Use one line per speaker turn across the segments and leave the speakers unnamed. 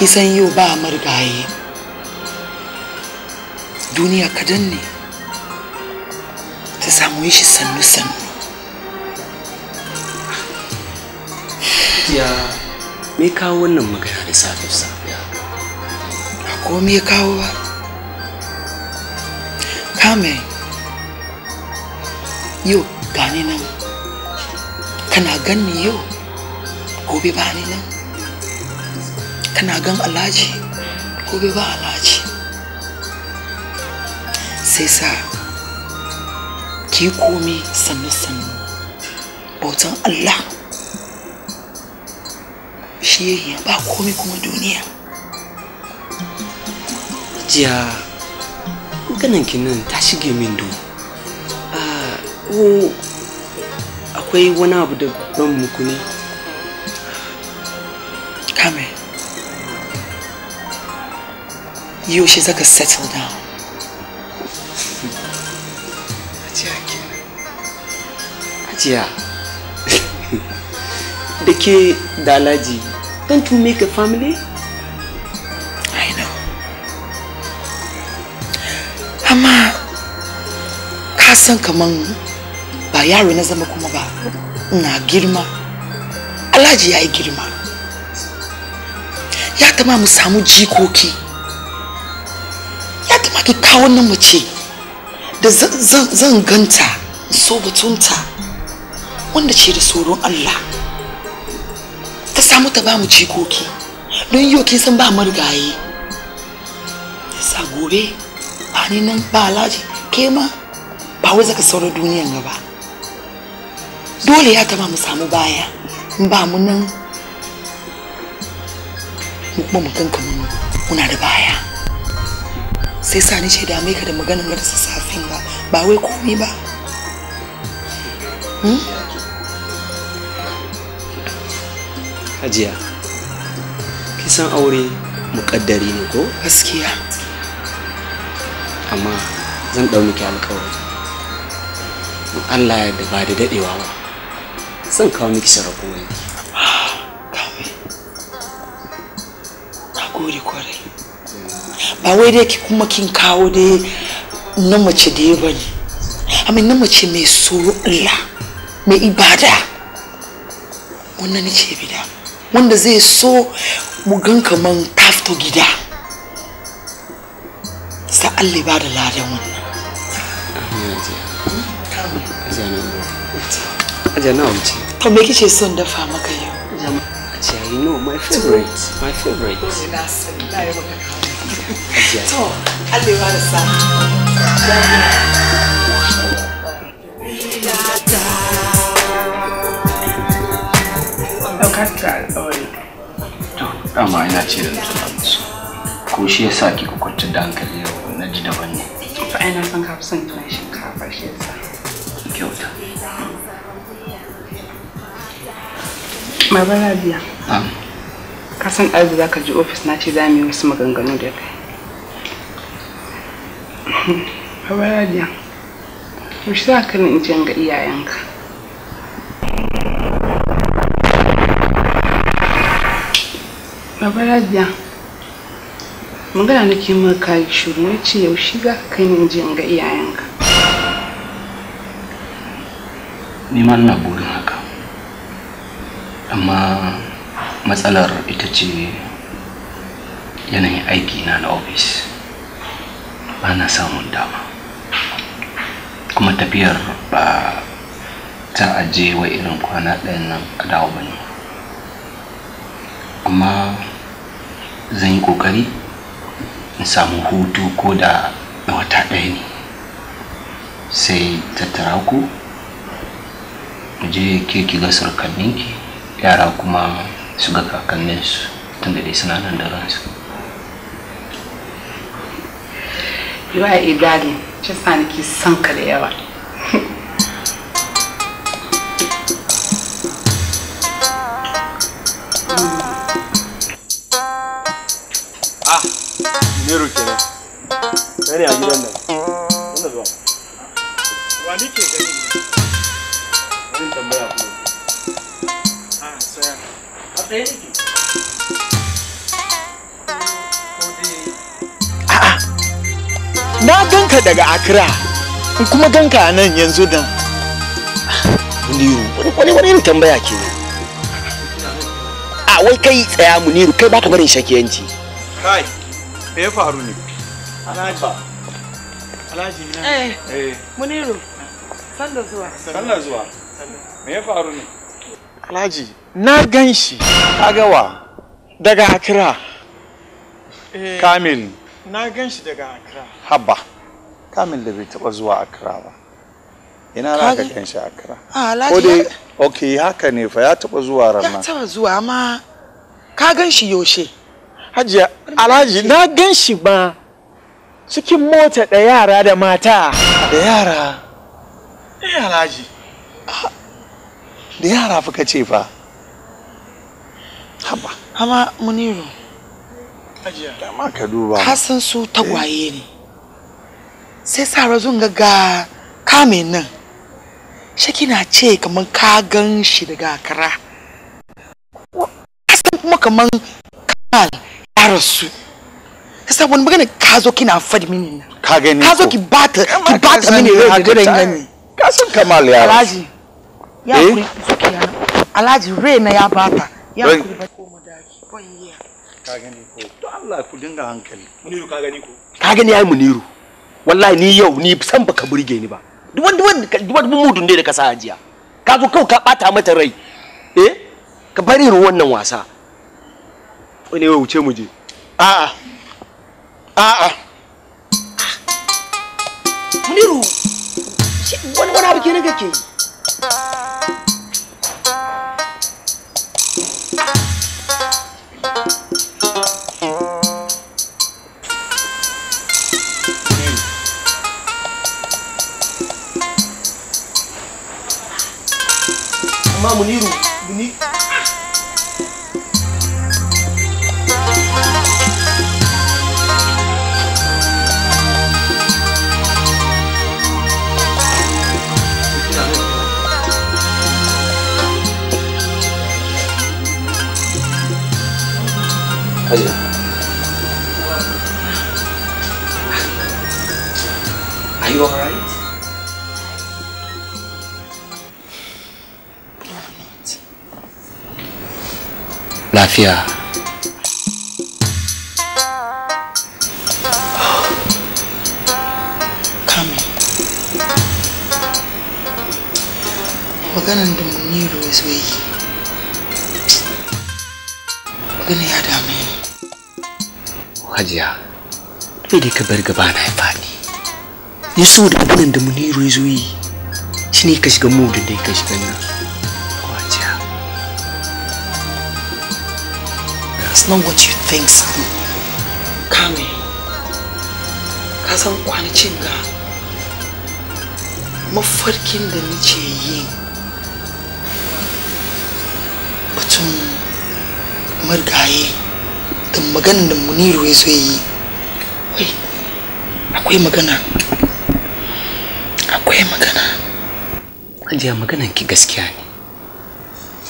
kisan yau ba margaye duniya kadan ne ta samu yi shi sannu-sannu
ya me kawo wannan magana da safi safiya a ko me kawo
ba kame yau gani nan kana ganni yau gobe ba ni nan tana gan alhaji ko bai ba alhaji sai sa ki komi sannu-sannu bautan allah shi yayi ba komi kuma duniya
jiya maganan nan ta shige min do ah, akwai wani abu da ban muku ne
yaushe zaka settle down
Ajiya. da ke da alaji
don't you make a family i know amma ka san kaman ba yaro na zama kuma ba na girma alhaji ya yi girma ya tama mu samu jikoki ki kawo mu mace da zan ganta so batunta wanda ce da tsoron Allah ta samu ta ba mu jikoki don yau kin san ba marigaye sa gobe ba ni nan ba alhaji ke ma ba wai zaka sauran duniyan ba, dole ya taba mu samu baya ba mu nan mu kuma mu kanka muna da baya sai sa ni ce da ka da maganar sa safin ba ba wai komai ba
hmm?
hajiya kisan aure muƙaddari ne ko gaskiya amma zan dau miki alƙawari in Allah ya da ba da daɗewa ba zan kawo miki sharafin wani ah,
Ka gode kwarai ba wai dai kuma kin kawo dai na mace da ya bane amma na mace mai tsoro Allah mai ibada wannan ne ce bida wanda zai so mu gan kaman tafto gida sa Allah ba da ladan wannan Aja na wuce. To me kike son dafa maka yau?
Aja, you know my favorite, my favorite.
to da
sa daukar ta alƙawari da ko shi yasa ki kwantar
da hankali yau na ji daban ne to ai na san ka son tunan shinkafa shi yasa kyauta biya. Ah. ka san azu za ka je ofis na ce za mu yi wasu maganganu da kai hawa radiya shi za ka in je ga iyayenka Baba Radiya, magana nake maka kayi shiru ya ce yaushe za ka kai ni ji ga iyayenka.
Ni ma ina burin haka, amma matsalar ita ce yanayin aiki na na ofis ba na samun dama kuma tafiyar ba ta aje wa irin kwana ɗayan nan a dawo ba ne amma zan yi ƙoƙari in samu hutu ko da na wata ɗaya ne sai tattara ku mu je ke ga surkanninki yara kuma su ga kakanninsu tunda dai suna nan da ransu
you are a darling shi sa nake son ka da yawa
ah nero kenan
kai ne a gidan nan ina zuwa wani ke gani
ne tambaya kuma na ganka daga in kuma ganka a nan yanzu dan muniru wani wani irin tambaya ke
a wai kai tsaya muniru kai baka barin yanci.
kai me ya faru ne alhaji alhaji na eh, eh muniru sanda zuwa sanda zuwa me ya faru ne
Alhaji, na gan shi.
Daga Accra. Eh, Kamil. Na
gan shi daga Accra.
Habba. Kamil da bai taɓa zuwa Accra ba. Ina za ka gan shi Accra. Ah, Ko dai, ok, haka ne fa ya taɓa zuwa rana? Ya taɓa
zuwa amma
ka gan shi yaushe. Hajiya, Alhaji, na gan shi ba cikin mota da yara da mata. Da yara.
Eh, Alhaji. Ah, da yara fuka ce fa
haba amma muniru
dama ka duba ka san
su tagwaye ne sai sa razun ga kame nan shi kina ce kamar ka gan shi daga kara ka san kuma kamar kamal ya su kasa wani magana ka zo kina fadi mini nan
ka gani ka zo
ki bata ki bata mini rai da daren ka san kamal ya rasu ya eh? kuri dukiya na alhaji raina ya bata ya kuri
ba ko madaki ban yi ka gani ko to Allah ku dinga hankali muniru ka gani ko
ka gani ai muniru wallahi ni yau ni san baka burge ni ba duk wani
duk wani
mudun ne da ka sa hajiya ka zo kawai ka bata mata rai eh ka bari ni wannan wasa wani ya wuce mu je a'a a'a muniru
wani wani abu ke ne kake yi
Mamoniru, bonito. Lafia.
Kami. Bagaimana ndo mniru Bagaimana Wakana yada amini.
Wajia. Pidi kebergebana ya Fadi. Yusuf dikebunan ndo mniru wezweji. Sini kasih kemudian kasih kemudian.
It's not what you think, son. Kami. Kasan san kwanacin ga mafarkin da nake yi batun margaye da maganar da Muniru ya zo yi. Wai, akwai magana. Akwai magana.
Hajiya maganar ki gaskiya ne,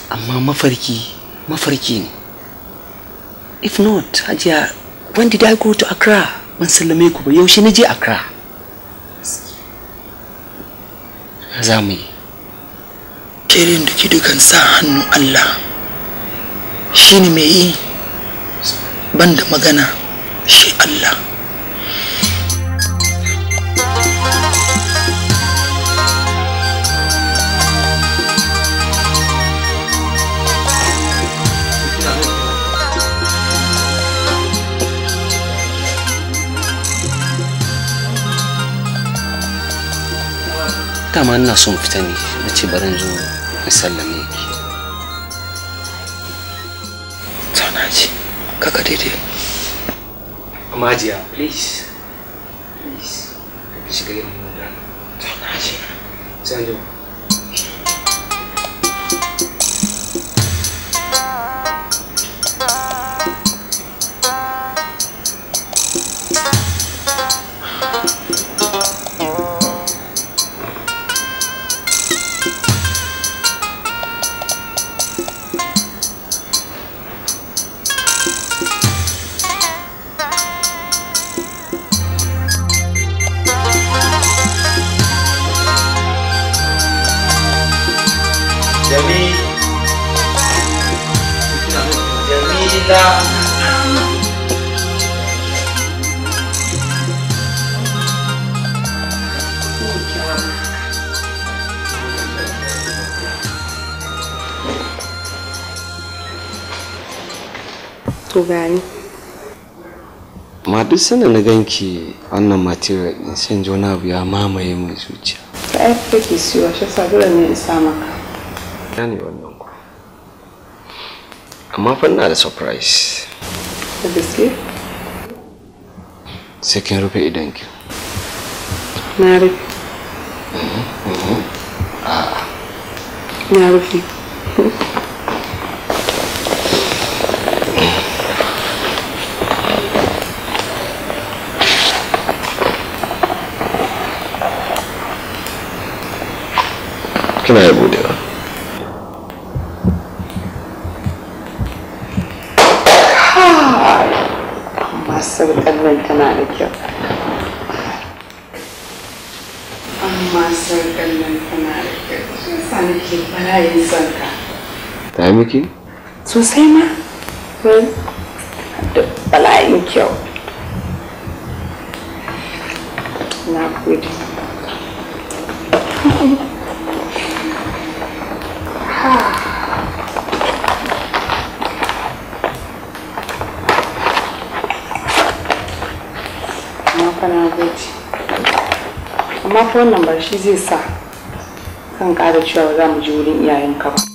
amma mafarki, mafarki
ne. if not ajiya when did i go to accra ban sallame ku ba yaushe na je accra za mu yi kerin da dukan sa hannu allah ne mai yi ban da magana shi allah
ma ina son fita ne na ce barin zo in sallame ki
sana ji kaka daidai majiya please
please shiga yin mu da sana ji zo. duk sanda na ganki wannan material din san jona abu ya mamaye mai zuciya
ta ai kake siyo shi sa dole ne in sa maka
ya ne wannan ku amma fa ina da surprise da gaske sai kin rufe idan ki na rufe mhm, mhm.
na rufe tana ya budewa masu nan tana da kyau amma sarkar nan tana da kyau shi yasa nake bala'in son ka ta sosai ma hmm? da bala'in kyau na gode amma fa wannan shi zai sa kan ƙara cewa ba za mu ji wurin iyayenka ba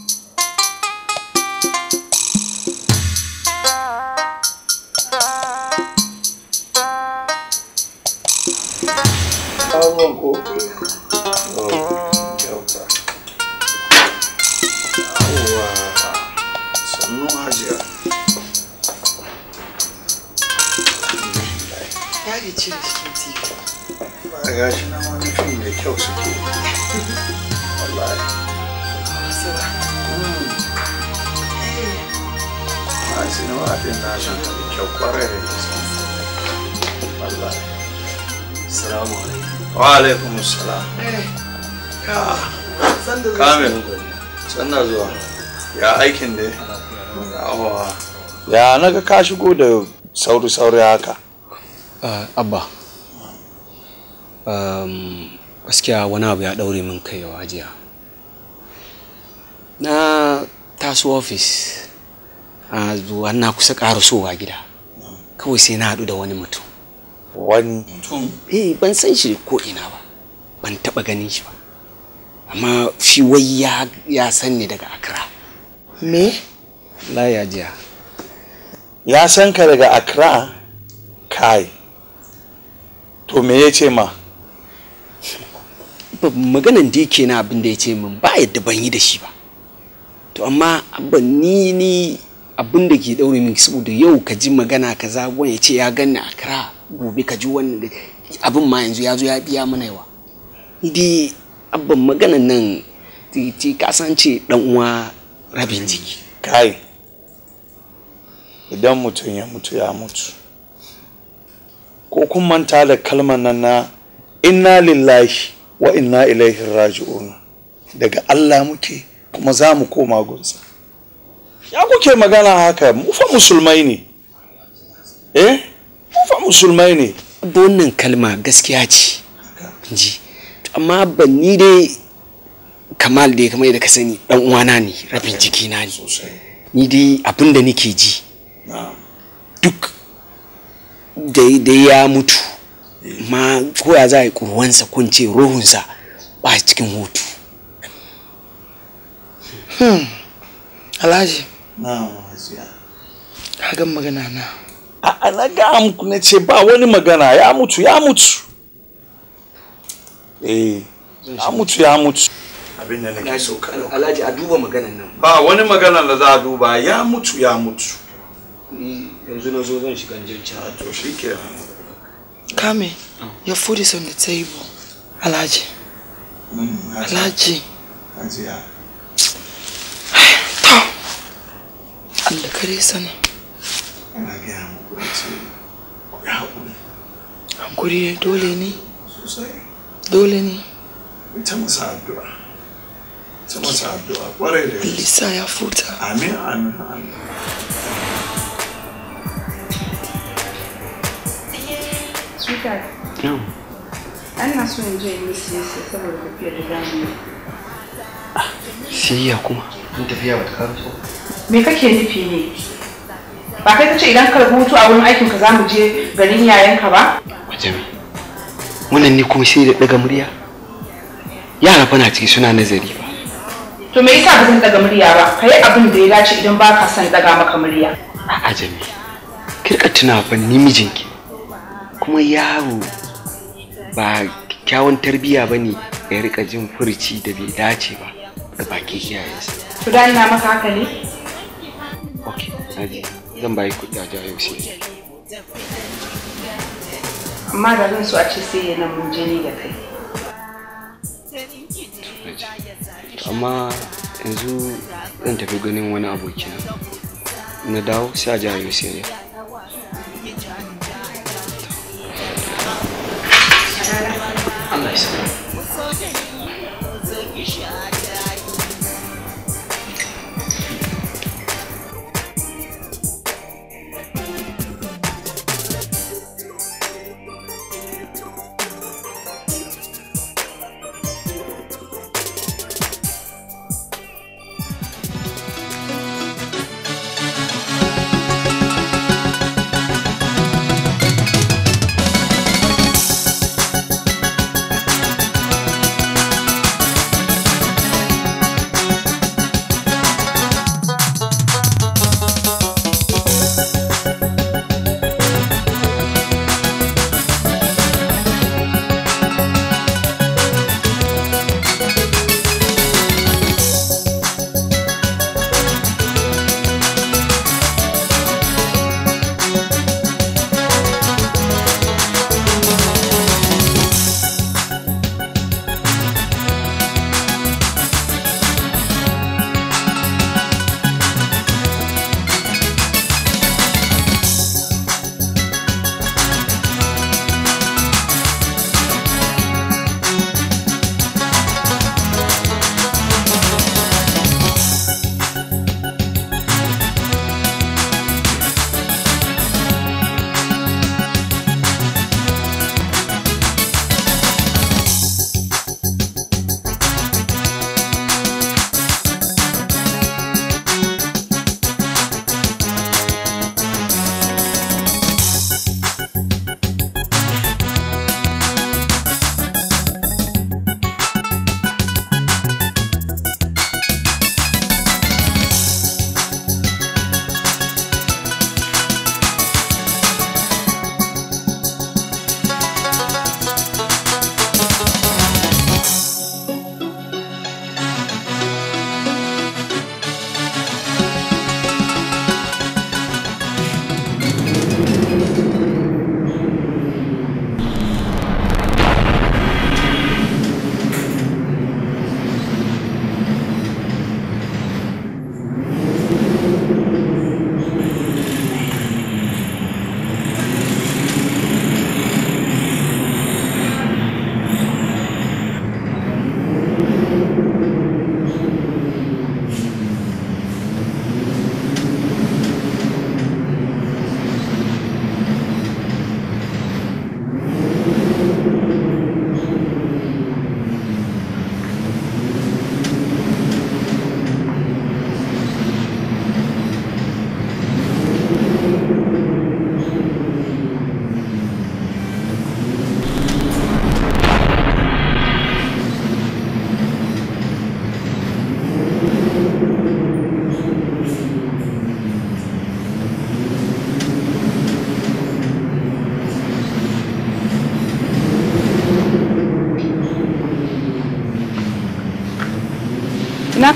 aikin mai suke hmm. salamu alaikum wa alaikum salam eh, ah. kamil zuwa ya aikin ne ya naga ka shigo da sauri-sauri haka
ah, abba gaskiya wani abu ya daure min kaiwa jiya na taso ofis a zuwa na kusa karasowa gida kawai sai na haɗu da wani mutum wani mutum eh ban san shi ko ina ba ban taɓa ganin shi ba amma shi wai ya ya san ni daga Accra me la ya jiya
ya san ka daga Accra kai to me ya ce ma maganan da yake na abin da
ya ce min ba yadda ban yi da shi ba to amma abba ni ni abin da ke daure min saboda yau ka ji magana ka wani ya ce ya ganni a kira gobe ka ji wannan abin ma yanzu ya zo ya biya mana yawa ni dai abban maganan nan
ti kasance dan uwa rabin jiki kai idan mutum ya mutu ya mutu ko kun manta da kalmar nan na inna lillahi wa inna ilaihi raji'un daga Allah muke kuma za mu koma gunsa ya kuke magana haka mu fa musulmai ne eh mu fa musulmai ne
wannan kalma gaskiya ce ji amma ban ni dai kamal da ya kamar da ka sani dan uwana ne rabin jiki na ne ni dai abinda nake ji duk da ya mutu ma koya za a yi kurwansa kun ce ruhunsa ba cikin hutu
hmm. alhaji ka gan magana na a na ga amku na ce ba wani magana ya mutu ya mutu eh ya mutu ya mutu abin da nake so ka alhaji a duba maganan nan ba wani magana da za a duba ya mutu ya mutu yanzu na zo zan shiga jirgin a ah, to shi kenan
Kame, oh. your food is on the table. Alaji.
Mm, Alaji. To. Allah kare sana. Ina gaya muku da ce
ku yi haƙuri. ne dole ne? Sosai. Dole ne? Ita masa
addu'a. Ita masa addu'a. Ƙwarai da yau. Lisa ya futa. Amin, amin, amin.
Sweetheart.
Ana so in je in yi siyasa saboda tafiyar da zamu
Siyayya kuma? mun tafiya ba ta karo so.
Me kake nufi ne? Ba kai kace idan ka rubutu a wurin aikin ka zamu je garin yayanka ba?
Waje me? Wannan ne kuma sai da daga murya. Yara fa na ciki suna nazari ba.
To me yasa ba zan daga murya ba? Kai abin da ya dace idan ba ka son daga maka murya.
A'a Jami. Kirka tuna fa ni mijinki.
kuma yaro
ba kyawun tarbiyya ba ne ya rika jin furci da bai dace ba da baki su.
Ku da ina maka haka ne?
Ok, naji zan bayi kuɗi a jayo sai.
Amma da zan so a ce sai ya nan mun jini da kai.
Amma yanzu zan tafi ganin wani abokina. Na dawo sai a jayo sai かんないですね。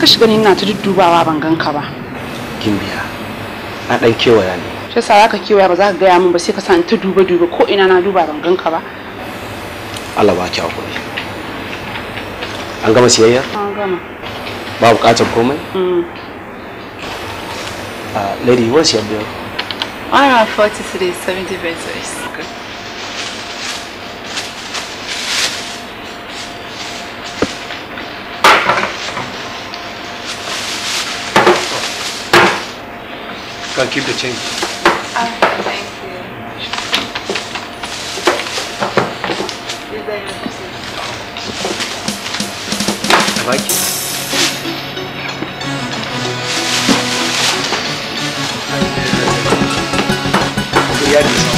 ka shiga ni ina ta duddubawa ban ganka ba gimbiya na
dan kewaya ne
shi yasa ka kewaya ba za ka gaya min ba sai ka sa ta duba duba ko ina na duba ban ganka ba
Allah ba ki hakuri an gama siyayya an gama ba bukatar komai mm. ah, lady what's your
bill
143 70 pesos
I'll keep the change. Okay, thank you.
I like it. Yeah,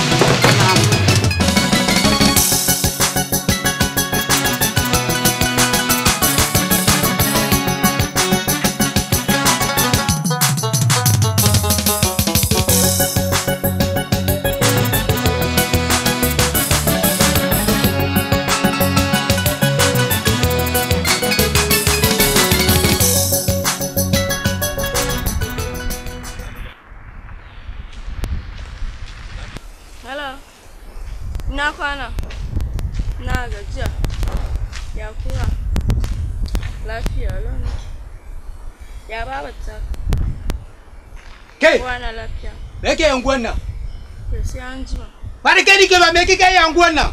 anguwan nan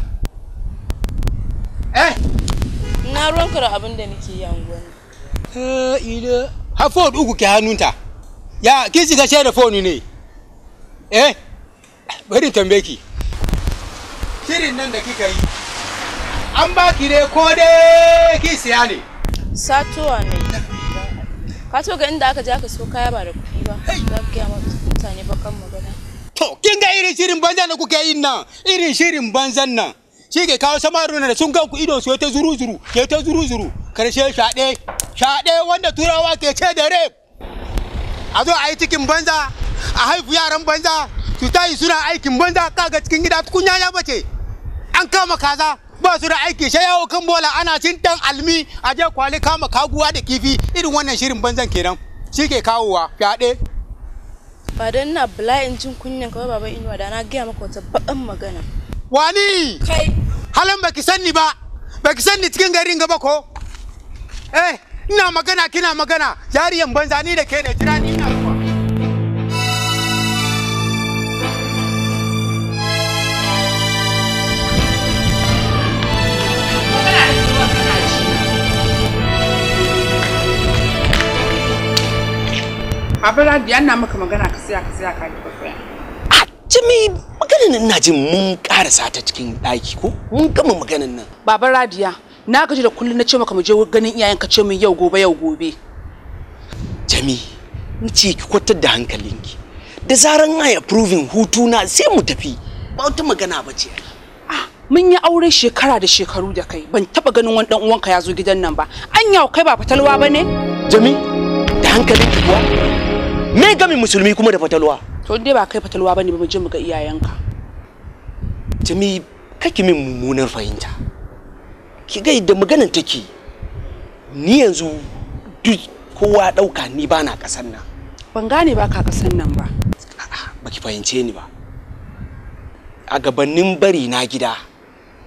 eh na ruwanka da abin da nake yi anguwan
eh, ha ida ha ford uku ke hannunta ya ki shiga shi da phone ne eh bari tambaye ki shirin nan da kika yi an ba ki ne ko dai ki siya ne satuwa
ne ka to ga inda aka je aka so kaya ba da kuɗi ba ba ka gaya mutane
kan magana to kin ga irin shirin banzan da kuke yin nan irin shirin banzan nan shi ke kawo samarin da sun ku ido su ta zuru zuru ke ta zuru zuru karshe shaɗe shaɗe wanda turawa ke ce da rape a zo a yi cikin banza a haifu yaran banza su ta yi suna aikin banza kaga cikin gida tukunya ya bace an kama kaza ba su da aiki sai yawo kan bola ana cin dan almi a je kwali kama kaguwa da kifi irin wannan shirin banzan kenan shi ke kawowa fyaɗe ba don ina
in jin kunyan kawai baban inuwa da na gaya maka wata baban magana
wani kai halin baki sanni ba baki sanni cikin garin gaba ko eh ina magana kina magana jariyan banza ni da ke ne jira ni ina
Abala da yana maka magana ka siya ka siya ka A Jimmy maganan nan na jin mun karasa ta cikin ɗaki ko? Mun gama maganan nan. Baba Radiya, na gaji da kullum na ce maka mu je ganin iyayen ka ce min yau gobe yau gobe. Jami, ni ce ki kwatar da hankalinki. Da zaran ai approving hutuna sai mu tafi. Ba wata magana ba ce. Ah, mun yi aure shekara da shekaru da kai ban taba ganin wani dan uwanka ya zo gidan nan ba an yawo kai ba fatalwa ba ne. jami da hankali kuwa me gami musulmi kuma da fatalwa to dai ba kai fatalwa bane ba mu je mu ga iyayenka
tumi kake
min mummunan
fahimta ki ga yadda magana take ni yanzu duk kowa dauka ni bana kasan nan
ban gane ba ka kasan nan ba
baki fahimce ni ba a gabanin bari na gida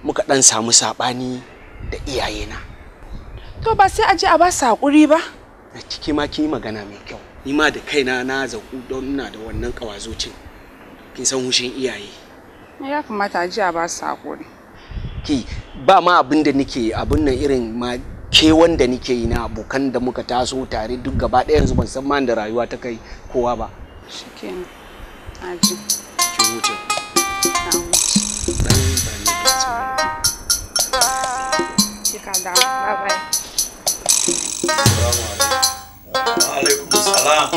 muka dan samu sabani da
iyayena to ba sai a je a ba su hakuri ba
ciki ma ki magana mai kyau ni ma da kaina na zaku don ina da wannan kawazocin kin san hushin iyaye
ya kamata a ji a ba su hakuri
ki ba ma abin da nake abin nan irin ma ke wanda nike yi na abokan da muka taso tare duk gaba ɗaya yanzu ban san ma da rayuwa ta kai kowa ba
shikenan ji ki Bye bye.
alaikum salam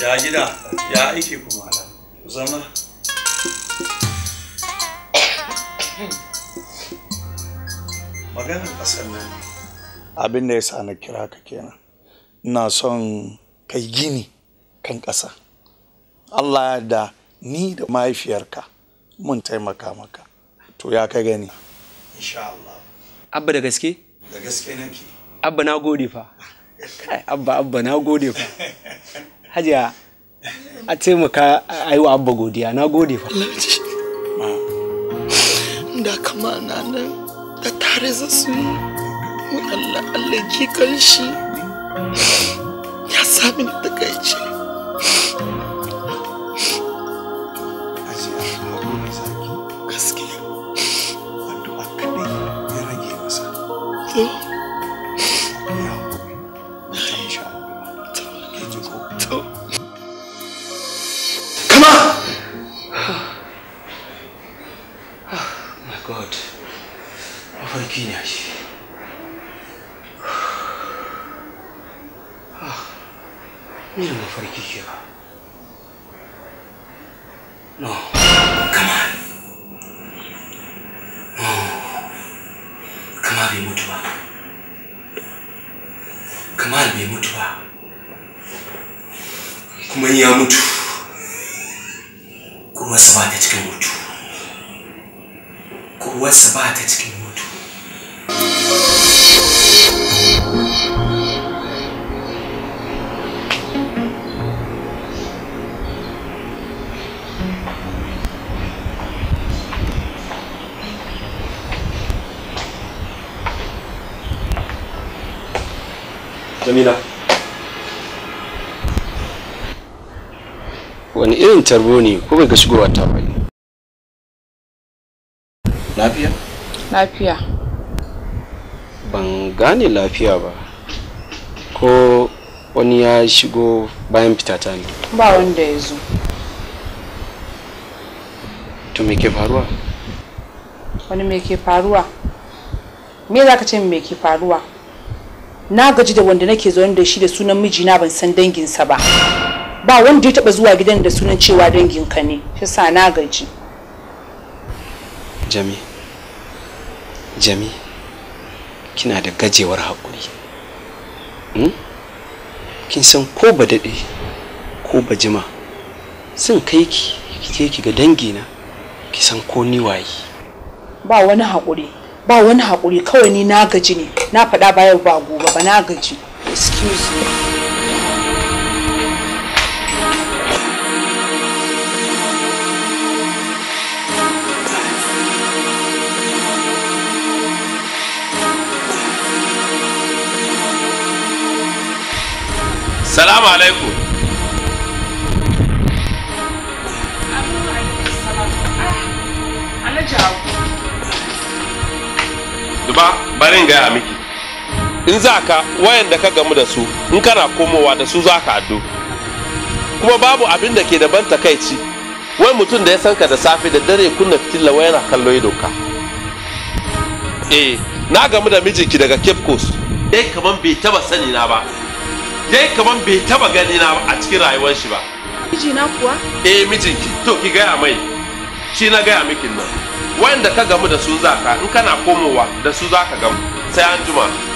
ya gida ya aiki kuma da zama maganar ƙasar nan abin da ya sa na kira ka kenan ina son kai gini kan ƙasa allah ya da ni da mahaifiyarka mun taimaka maka to ya ka gani
insha Allah abba da gaske
da gaske nake
abba na gode fa kai abba abba na gode fa hajiya a taimaka a yi wa abba godiya na gode fa
da kama na nan da tare za su yi Allah Allah ki kan shi ya sami da takaici
wani irin tarbo ne ko bai ga shigowa ta ba lafiya lafiya ban gane lafiya ba ko wani ya shigo bayan fitata ne
ba wanda ya zo
to me ke faruwa
wani me ke faruwa me za ka ce me ke faruwa na gaji da wanda nake zaune da shi da sunan mijina ban san danginsa ba ba wanda ya taba zuwa gidan da sunan cewa danginka ne sa na gaji
jami jami kina da gajewar haƙuri hmm? kin san ko ba daɗe ko ba jima sun kai ki kike ki ga dangina ki san ko ni waye
ba wani haƙuri ba wani haƙuri kawai ni na gaji ne na faɗa bayan ba gobe ba na gaji excuse
me
salamu alaikum duba barin gaya miki in za ka wayan da ka gamu da su in kana komowa da su za ka addu kuma babu abin da ke da ban takaici wai mutum da ya sanka da safe da dare kunna fitilla wai yana kallo ido doka eh na gamu da mijinki daga cape coast dai eh, kaman bai taba sani na ba dai kaman bai taba gani na a cikin rayuwar shi ba
mijina kuwa
eh ki to ki gaya mai shi na gaya miki nan wanda ka gamu da su zaka in kana komowa da su zaka gamu sai an juma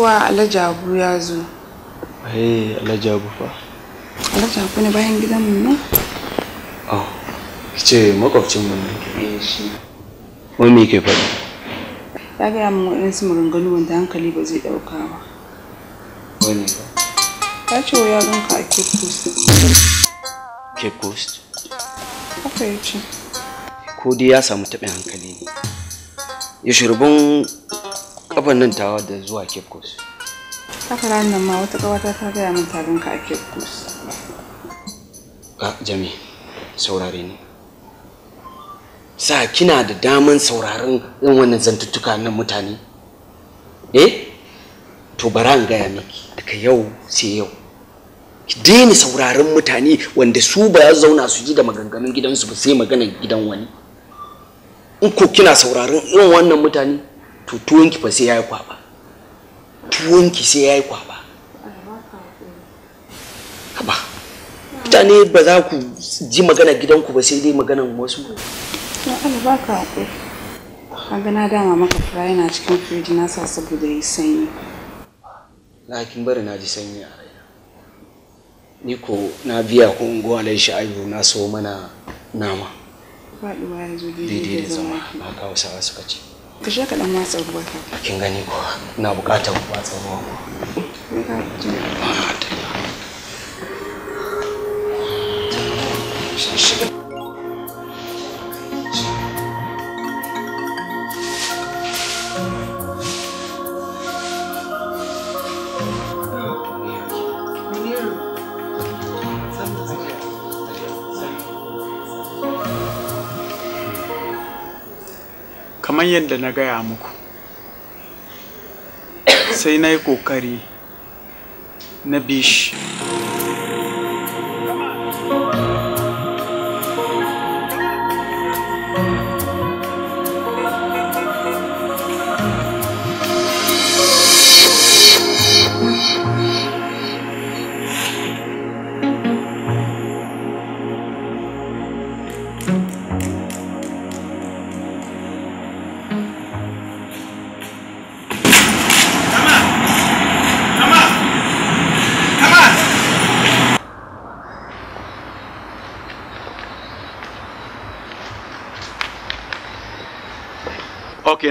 kuwa alajabu ya zo eh alajabu fa Alajabu ne bayan gidan mu ne
oh kice makwabcin mu ne eh shi wai me ke faɗi
ya gaya min su maganganu wanda hankali ba zai ɗauka ba wani ba ce wa ka a cape coast cape coast haka ya ce
ko dai ya samu taɓin hankali ne ya shirban kafan nan tawa da zuwa Cape Coast.
Kafar nan ma wata kawata ta gaya min tarin ka a Cape Coast.
Ah, Jami, saurare ni. Sa kina da daman sauraron irin wannan zantuttuka nan mutane? Eh? To bara in gaya miki daga yau sai yau. Ki daina sauraron mutane wanda su ba za zauna su ji da maganganun gidansu ba sai maganar gidan wani. In ko kina sauraron irin wannan mutane to tuwonki fa sai yayi kwaba tuwonki ki sai yayi kwaba haba mutane ba za ku ji magana gidanku ba sai dai maganan wasu ba
baka na dama maka fura yana cikin firiji na sa saboda yi sanyi lakin bari na ji sanyi a raina
ni ko na biya ku unguwa shi ayu na so mana nama
faɗuwa ya zo daidai da zama
na kawo sawa suka ce
ka je ka dan watsa ruwa ka
kin gani ko na bukatar watsa ruwa
Shiga. Thank
you.
kamar yadda na gaya muku sai na yi ƙoƙari na bishi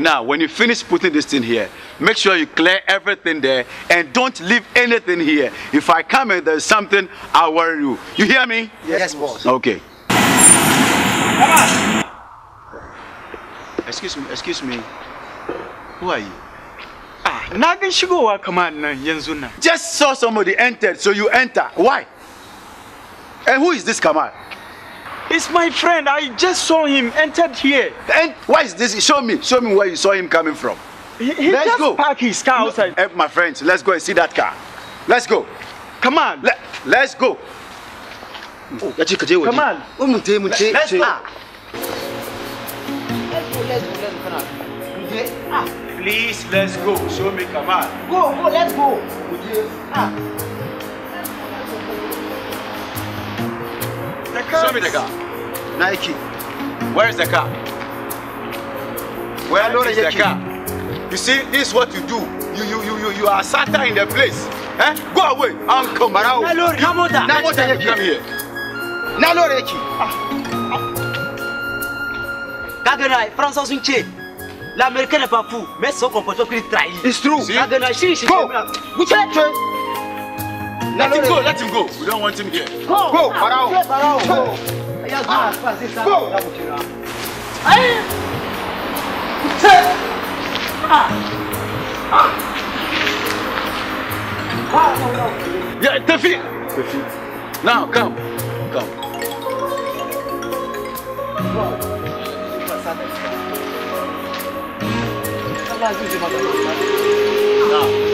Now, when you finish putting this thing here, make sure you clear everything there and don't leave anything here. If I come and there's something, I'll worry you. You hear me? Yes, boss. Okay. Come on. Excuse me, excuse me. Who are you? Ah, nothing should go come on, Just saw somebody entered, so you enter. Why? And who is this Kamal? It's my friend. I just saw him entered here. And why is this? Show me. Show me where you saw him coming from. He, he let's just go. Park his car outside. Hey, eh, my friends, let's go and see that car. Let's go. Come on. Let, let's go. Oh, Come on. Let's, let's, let's go. Let's go. Let's go. Please, let's go. Show me, come on. Go, go, let's go. Ah. Show me the car. Nike. Where is the car? Where is car? You see, this is what you do. You you you are satan in the place. Eh? Go away. I'm come est Come here. France L'Américain n'est pas fou, mais son comportement qu'il trahit. It's true. Let him go, let him go. We don't want him here. Go, go, Barao. Barao, go. Go. Aí. Ah. Ah. Ah, não, não. Yeah, Tefi. Tefi. Now, come. Come. Não.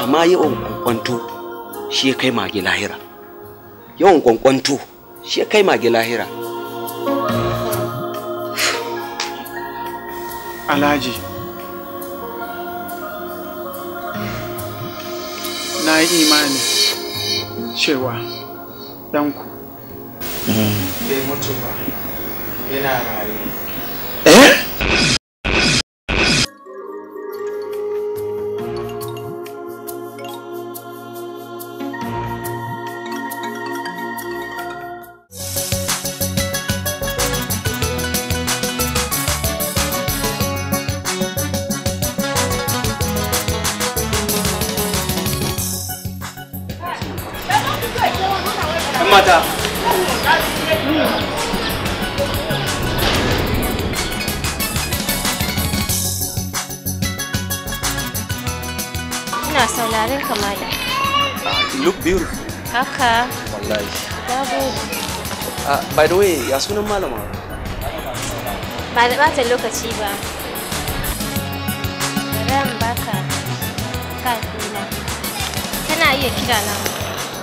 da ma yawan kwankwanto shi ya kai mage lahira yawan kwankwanto shi ya kai mage lahira
alhaji na yi imani cewa
danku mm. bai mutu ba yana
raye eh?
wai ya sunan malama
ba da bata lokaci ba ran baka kafina kana iya kira na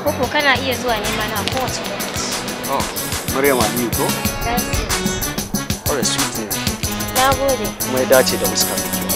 koko kana iya zuwa nema na kowace lokaci
oh maryam aliyu ko that's it gode kuma ya dace da muskar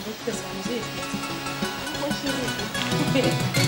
Vamos pescar nos itens? Um pouquinho.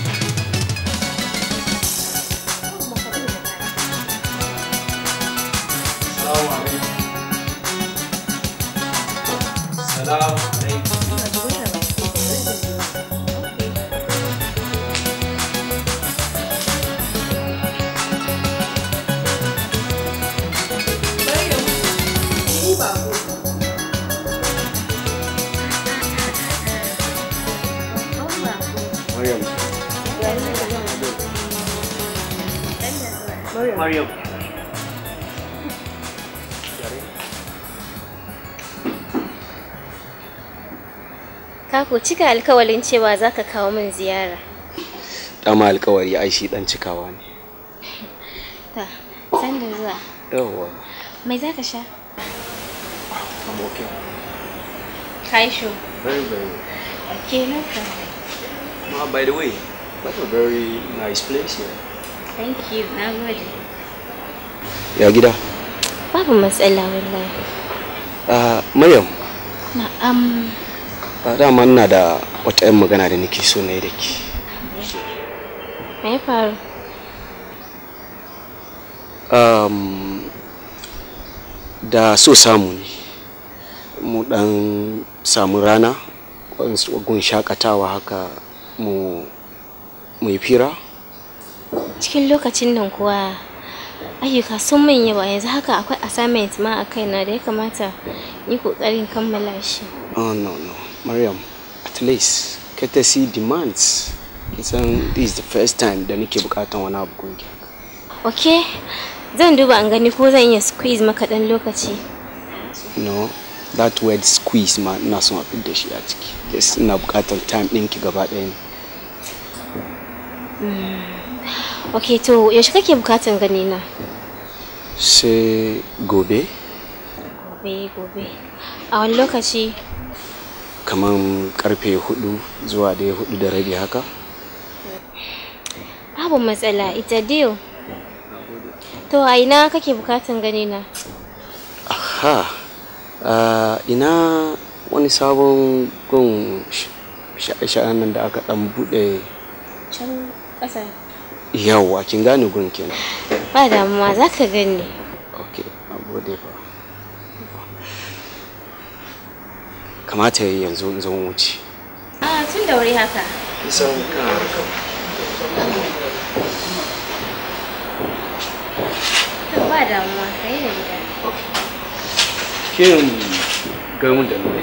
ku cika alkawalin cewa za ka kawo min ziyara.
Dama alkawari ai shi dan cikawa ne.
Ta, san da zuwa. Yawwa. Mai za ka sha? I'm okay. Kai Very very.
by the way, that's a very nice place here.
Thank you. Na gode. Ya gida. Babu matsala wallahi.
Ah, Maryam.
Na'am.
dama ina da wata 'yan magana da nake so na yi da ke me faru da so samu ne mu dan samu rana gun shakatawa haka mu yi fira
cikin lokacin nan kuwa ayyuka sun manya ba yanzu haka akwai assignment ma a kaina da ya kamata yi kokarin kammala shi
oh no no mariam at least courtesy demands. Kisan um, this is the first time da nake bukatan wani abu gunki.
Okay, zan duba an gani ko zan iya squeeze maka dan lokaci.
No, that word squeeze ma ina son a fidda shi a ciki. Yes, ina bukatan time ɗinki gaba ɗaya.
Hmm, okay, to yaushe kake bukatan gani na?
Sai gobe.
Gobe, gobe. A wani lokaci
kamar karfe hudu zuwa daya hudu da rabi haka
babu matsala ita deo. to a ina kake bukatan gani na
aha ina wani sabon gun sha'anan da aka dan bude
can kasa
yawwa kin gane gun kenan
ba damuwa za ka gani ok a gode fa
kamata yayi yanzu in zo wuce
a tun da wuri haka isan ka ba damuwa yi da gida kin ga mun da nuna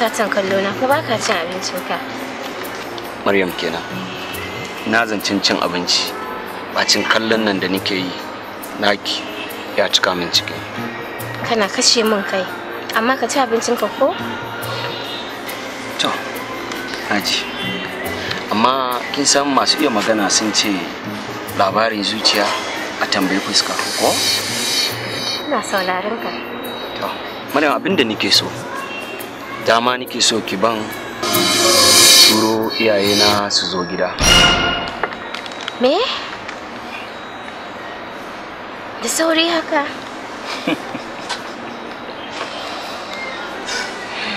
satan kallo na ko baka cin abinci ka
Maryam kenan na zancen cin abinci cin kallon nan da nake yi naki ya cika min ciki
kana kashe min kai amma ka ci abincin ka ko
to haji amma kin san masu iya magana sun ce labarin zuciya a tambayi fuska ko
ina saurarin ka
to maryam abin da nake so dama nake so ki ban turo iyayena su zo gida
me da sauri haka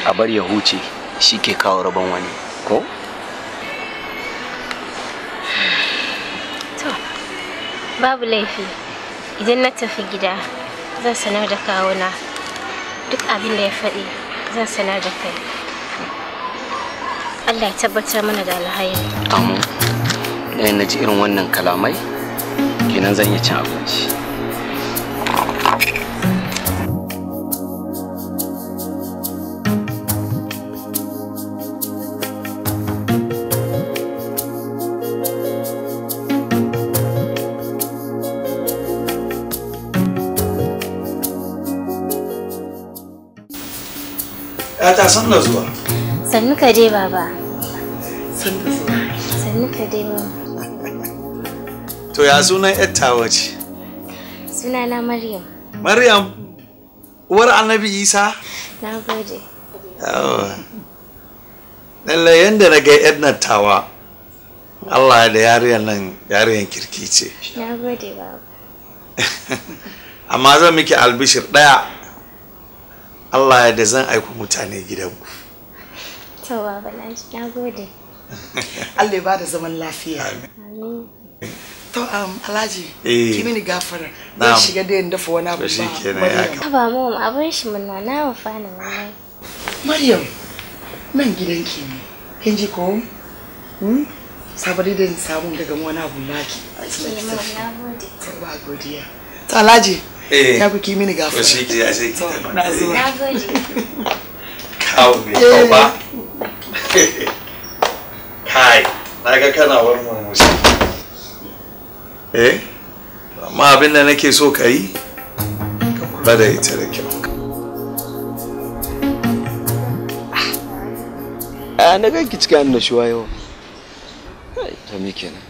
a bar ya huce shi ke kawo rabon wani ko
to babu laifi idan na tafi gida zan sanar da kawuna duk abin da ya faɗi zan sanar da kai Allah ya tabbatar mana da alhairi amin
da na ji irin wannan kalamai kenan zan iya cin abinci
Yata san na zuwa.
Sannu ka dai baba. Sannu ka dai mama.
To ya sunan yar tawa ce?
Sunana Maryam.
Maryam uwar Annabi Isa? Na gode. Lallai yadda na ga yar tawa Allah da yariyar nan yariyar kirki ce.
Na gode baba.
Amma zan miki albishir ɗaya. Allah ya da zan aiku mutane gidanku
to baba
na gode Allah ya bada zaman lafiya amin to
um, alhaji eh. ki mini gafara na shiga da yin dafa wani abu ba shikenan ya ka ba mu abin shi mun na na fana wannan
Maryam nan gidanki ne kin ji ko hmm? sabari da samun daga wani abu laki
gode. cikin godiya
To alhaji Eh. ya fi kimi ni shi ke ya sai
ki tafi na zo
na
kawo kawo ba eh. kai na ga kana wani murmushi eh amma abin da nake so ka yi ka kula da ita da kyau a ah,
na ganki cikin annashuwa yau ta me kenan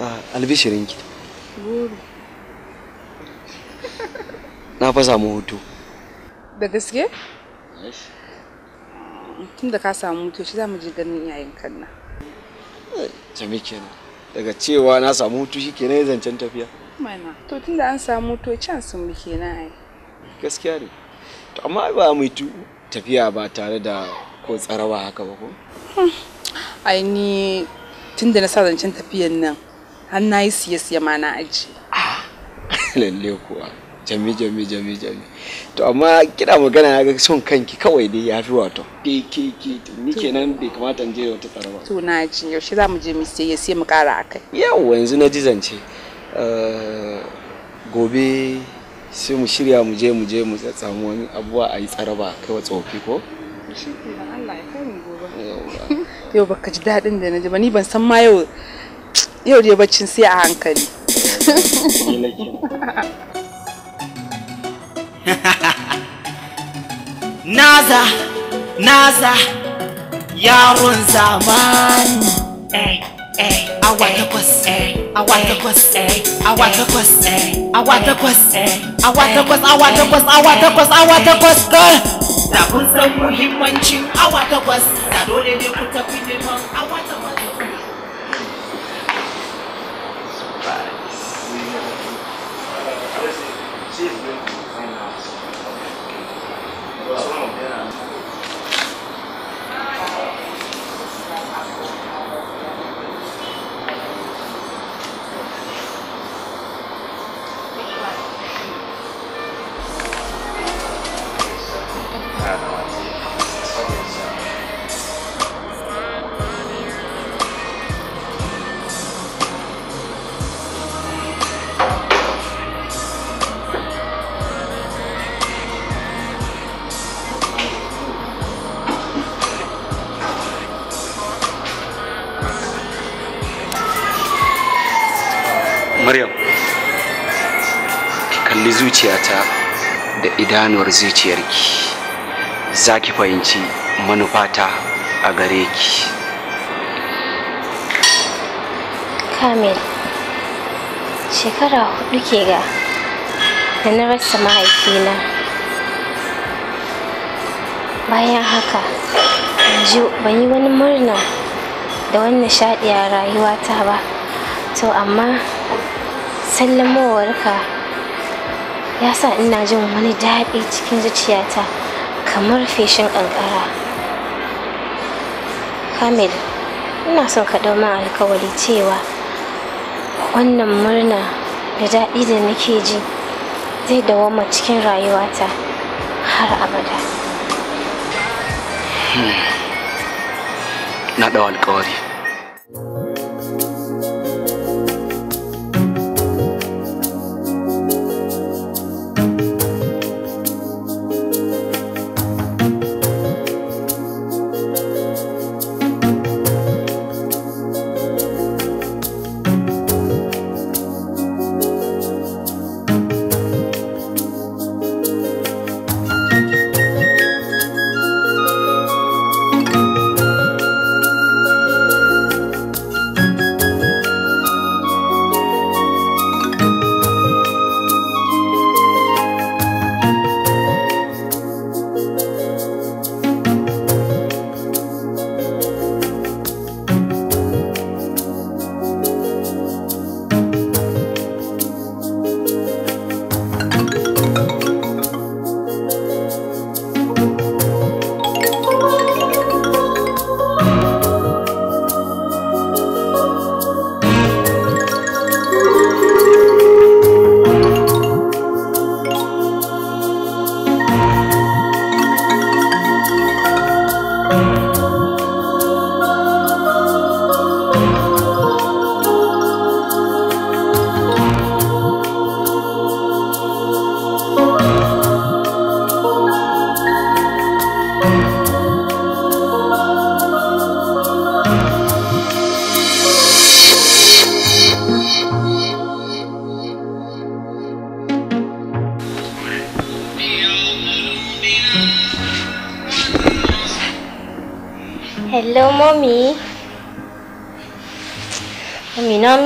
ah, na fa samu hutu
da gaske tun da ka samu hutu shi za mu je ganin iyayen kanna
jami eh, kenan daga cewa na samu hutu shi kenan ya zancen tafiya
mana to tun da an samu hutu can sun mu kenan ai
gaskiya ne to amma ba mu tafiya ba tare da ko tsarawa haka ba ko
hmm. ai ni tun da na sa zancen tafiyan nan har na yi siye-siye ma na aji ah,
lalle kuwa jami jami jami jami to amma kina magana ga son kanki kawai dai ya fi wato ke ke ke ni kenan bai kamata in je wata tsara ba
to na ji yaushe za mu je mu sai sai mu kara akai
yawa yanzu na ji zance eh, gobe sai mu shirya mu je mu je mu samu wani abuwa a yi tsaraba kai wa tsofi ko
yau baka ji daɗin da na ji ba ni ban san ma yau yau dai baccin sai a
hankali naza naza yaron zamani awa takwas awa takwas awa takwas awa takwas awa takwas awa takwas awa takwas awa takwas girl da kun san muhimmancin awa takwas da dole ne ku tafi neman awa takwas
idanuwar zuciyarki za ki fahimci manufata a gare ki
kamil shekara hudu ke ga da na rasa mahaifina bayan haka ban yi wani murna da wannan shaɗi a rayuwata ba to amma sallamowarka ya sa ina jin wani daɗi cikin zuciyata kamar feshin ƙanƙara kamil ina son ka min alkawari cewa wannan murna da daɗi da nake ji zai dawoma cikin rayuwata har abada
hmm. na dawo alkawari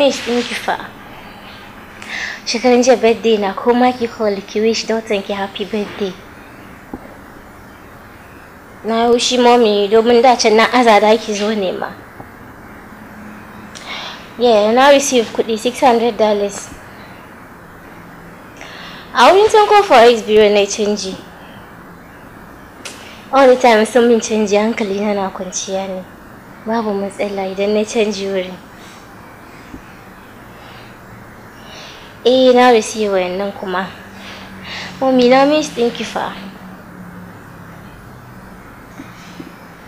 wish ɗinki fa shekaran jiya birthday na ko ki hall ki wish daughter ki happy birthday na yi shi mommy domin dace na azada ki zo ne ma yeah na receive kuɗi 600 dollars a wurin tanko forex biro na canji all the time sun min canji hankali na na kwanciya ne babu matsala idan na canji wurin eh na receive wayannan kuma mami na miss ɗinki fa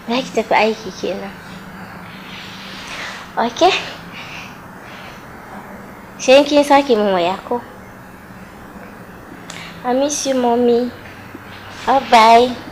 za ki tafi aiki kenan ok sai kin sake min waya ko I miss you mommy bye bye